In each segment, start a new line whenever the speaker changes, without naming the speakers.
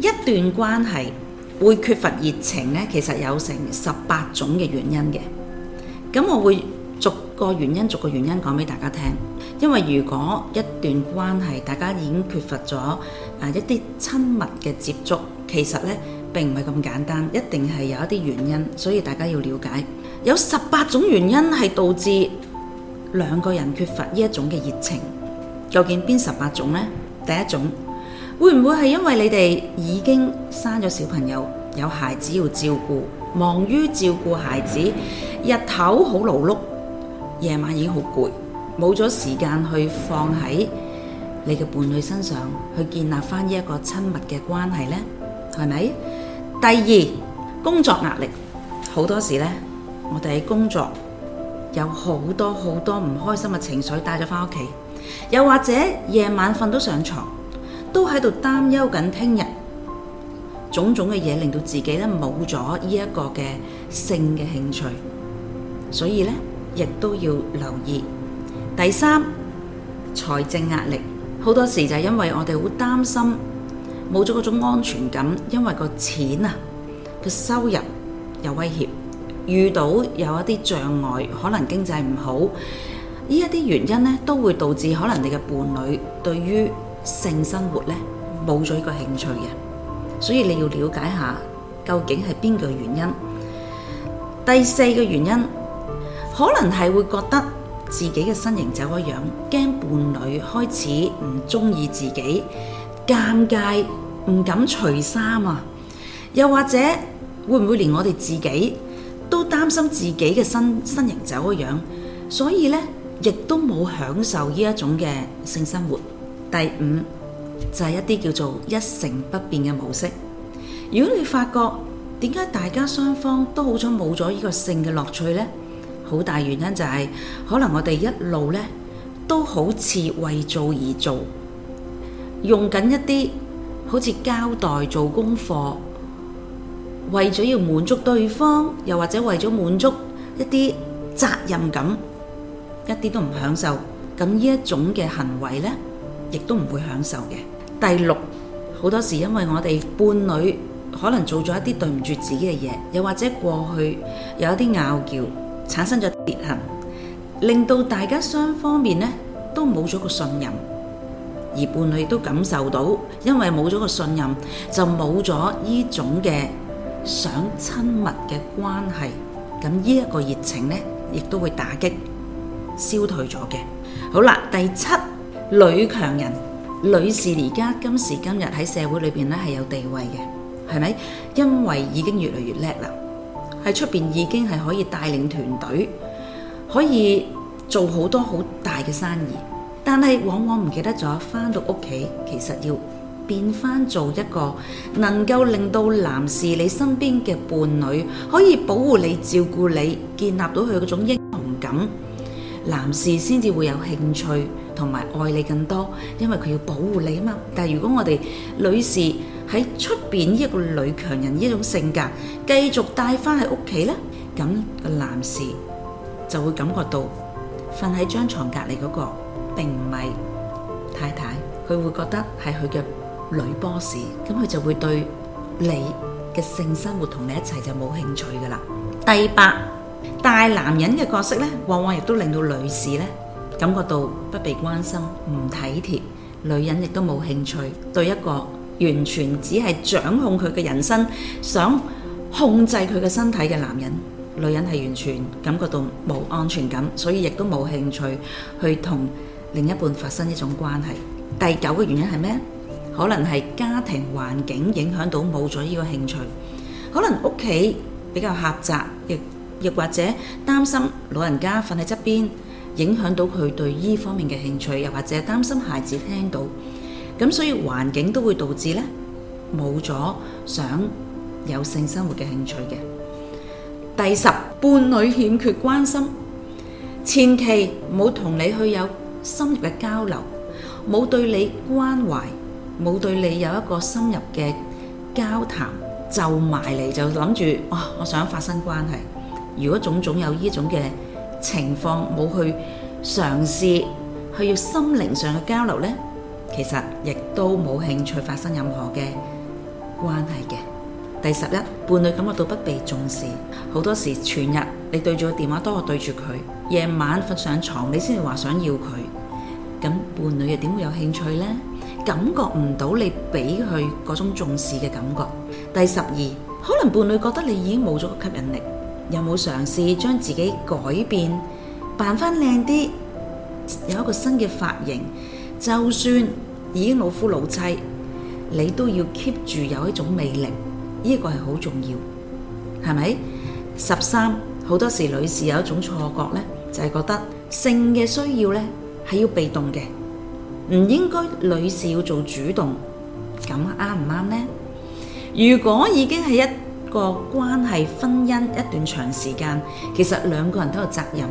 一段關係會缺乏熱情呢，其實有成十八種嘅原因嘅。咁我會逐個原因，逐個原因講俾大家聽。因為如果一段關係大家已經缺乏咗啊一啲親密嘅接觸，其實呢並唔係咁簡單，一定係有一啲原因，所以大家要了解。有十八種原因係導致兩個人缺乏呢一種嘅熱情。究竟邊十八種呢？第一種。會唔會係因為你哋已經生咗小朋友，有孩子要照顧，忙於照顧孩子，日頭好勞碌，夜晚已經好攰，冇咗時間去放喺你嘅伴侶身上，去建立翻一個親密嘅關係呢？係咪？第二，工作壓力。好多時呢，我哋喺工作有好多好多唔開心嘅情緒帶咗翻屋企，又或者夜晚瞓都上床。都喺度擔憂緊聽日種種嘅嘢，令到自己咧冇咗呢一個嘅性嘅興趣，所以咧亦都要留意。第三，財政壓力，好多時就係因為我哋好擔心冇咗嗰種安全感，因為個錢啊個收入有威脅，遇到有一啲障礙，可能經濟唔好，呢一啲原因咧都會導致可能你嘅伴侶對於性生活咧，冇咗一個興趣嘅，所以你要了解下究竟係邊個原因。第四個原因可能係會覺得自己嘅身形走咗樣，驚伴侶開始唔中意自己，尷尬唔敢除衫啊，又或者會唔會連我哋自己都擔心自己嘅身身形走咗樣，所以咧亦都冇享受呢一種嘅性生活。第五就係一啲叫做一成不變嘅模式。如果你發覺點解大家雙方都好想冇咗呢個性嘅樂趣呢？好大原因就係可能我哋一路呢都好似為做而做，用緊一啲好似交代做功課，為咗要滿足對方，又或者為咗滿足一啲責任感，一啲都唔享受咁呢種嘅行為呢。亦都唔會享受嘅。第六，好多時因為我哋伴侶可能做咗一啲對唔住自己嘅嘢，又或者過去有一啲拗撬，產生咗裂痕，令到大家雙方面呢都冇咗個信任，而伴侶都感受到，因為冇咗個信任，就冇咗呢種嘅想親密嘅關係，咁呢一個熱情呢，亦都會打擊，消退咗嘅。好啦，第七。女強人女士而家今時今日喺社會裏邊咧係有地位嘅，係咪？因為已經越嚟越叻啦，喺出邊已經係可以帶領團隊，可以做好多好大嘅生意。但係往往唔記得咗返到屋企，其實要變返做一個能夠令到男士你身邊嘅伴侶可以保護你、照顧你，建立到佢嗰種英雄感，男士先至會有興趣。同埋愛你更多，因為佢要保護你啊嘛。但係如果我哋女士喺出邊呢一個女強人呢一種性格，繼續帶翻喺屋企咧，咁個男士就會感覺到瞓喺張床隔籬嗰個，並唔係太太，佢會覺得係佢嘅女 boss，咁佢就會對你嘅性生活同你一齊就冇興趣㗎喇。第八，大男人嘅角色咧，往往亦都令到女士咧。感覺到不被關心、唔體貼，女人亦都冇興趣。對一個完全只係掌控佢嘅人生、想控制佢嘅身體嘅男人，女人係完全感覺到冇安全感，所以亦都冇興趣去同另一半發生一種關係。第九嘅原因，第九個原因係咩？可能係家庭環境影響到冇咗呢個興趣，可能屋企比較狹窄，亦亦或者擔心老人家瞓喺側邊，影響到佢對依方面嘅興趣，又或者擔心孩子聽到，咁所以環境都會導致呢冇咗想有性生活嘅興趣嘅。第十，伴侶欠缺關心，前期冇同你去有深入嘅交流，冇對你關懷，冇對你有一個深入嘅交談，就埋嚟就諗住哇，我想發生關係。如果種種有呢種嘅，情況冇去嘗試去要心靈上嘅交流呢，其實亦都冇興趣發生任何嘅關係嘅。第十一，伴侶感覺到不被重視，好多時全日你對住個電話多過對住佢，夜晚瞓上牀你先至話想要佢，咁伴侶又點會有興趣呢？感覺唔到你俾佢嗰種重視嘅感覺。第十二，可能伴侶覺得你已經冇咗個吸引力。有冇嘗試將自己改變，扮翻靚啲，有一個新嘅髮型？就算已經老夫老妻，你都要 keep 住有一種魅力，呢個係好重要，係咪？十三，好多時，女士有一種錯覺呢，就係覺得性嘅需要呢係要被動嘅，唔應該女士要做主動，咁啱唔啱呢？如果已經係一個關係、婚姻，一段長時間，其實兩個人都有責任，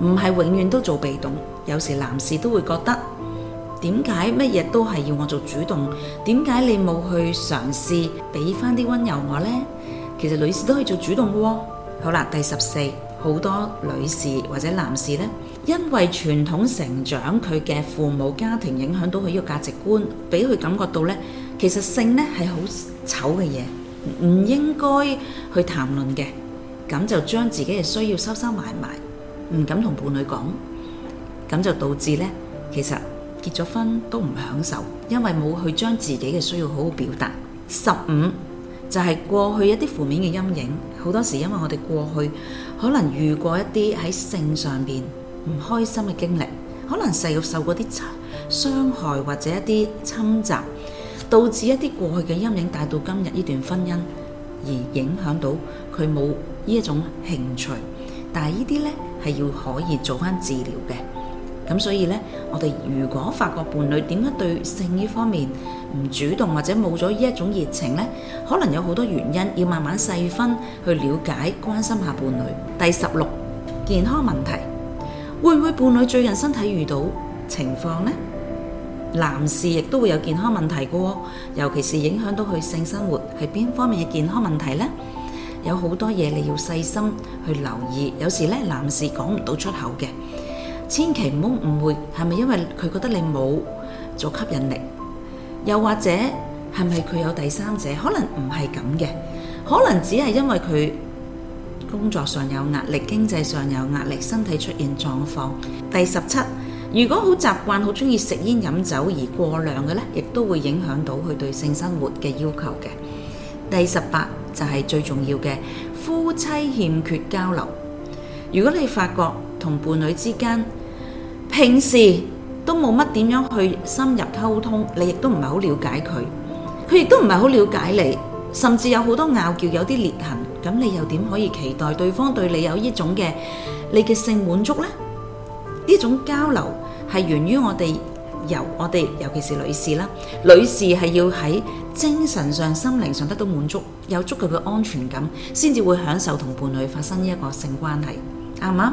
唔係永遠都做被動。有時男士都會覺得，「點解乜嘢都係要我做主動？點解你冇去嘗試俾翻啲溫柔我呢？」其實女士都可以做主動嘅喎。好啦，第十四，好多女士或者男士呢，因為傳統成長，佢嘅父母家庭影響到佢依個價值觀，俾佢感覺到呢，其實性呢係好醜嘅嘢。唔應該去談論嘅，咁就將自己嘅需要收收埋埋，唔敢同伴侶講，咁就導致呢，其實結咗婚都唔享受，因為冇去將自己嘅需要好好表達。十五就係過去一啲負面嘅陰影，好多時因為我哋過去可能遇過一啲喺性上面唔開心嘅經歷，可能細個受過啲傷害或者一啲侵襲。導致一啲過去嘅陰影帶到今日呢段婚姻，而影響到佢冇呢一種興趣。但係呢啲咧，係要可以做翻治療嘅。咁所以咧，我哋如果發覺伴侶點解對性呢方面唔主動，或者冇咗呢一種熱情咧，可能有好多原因，要慢慢細分去了解、關心下伴侶。第十六，健康問題，會唔會伴侶最近身體遇到情況咧？男士亦都會有健康問題嘅喎，尤其是影響到佢性生活，係邊方面嘅健康問題呢？有好多嘢你要細心去留意，有時咧男士講唔到出口嘅，千祈唔好誤會，係咪因為佢覺得你冇咗吸引力？又或者係咪佢有第三者？可能唔係咁嘅，可能只係因為佢工作上有壓力、經濟上有壓力、身體出現狀況。第十七。如果好習慣、好中意食煙飲酒而過量嘅呢，亦都會影響到佢對性生活嘅要求嘅。第十八就係、是、最重要嘅夫妻欠缺交流。如果你發覺同伴侶之間平時都冇乜點樣去深入溝通，你亦都唔係好了解佢，佢亦都唔係好了解你，甚至有好多拗撬，有啲裂痕，咁你又點可以期待對方對你有呢種嘅你嘅性滿足呢？呢種交流，係源於我哋，尤其是女士啦，女士係要喺精神上、心靈上得到滿足，有足夠嘅安全感，先至會享受同伴侶發生呢一個性關係，啱唔啱？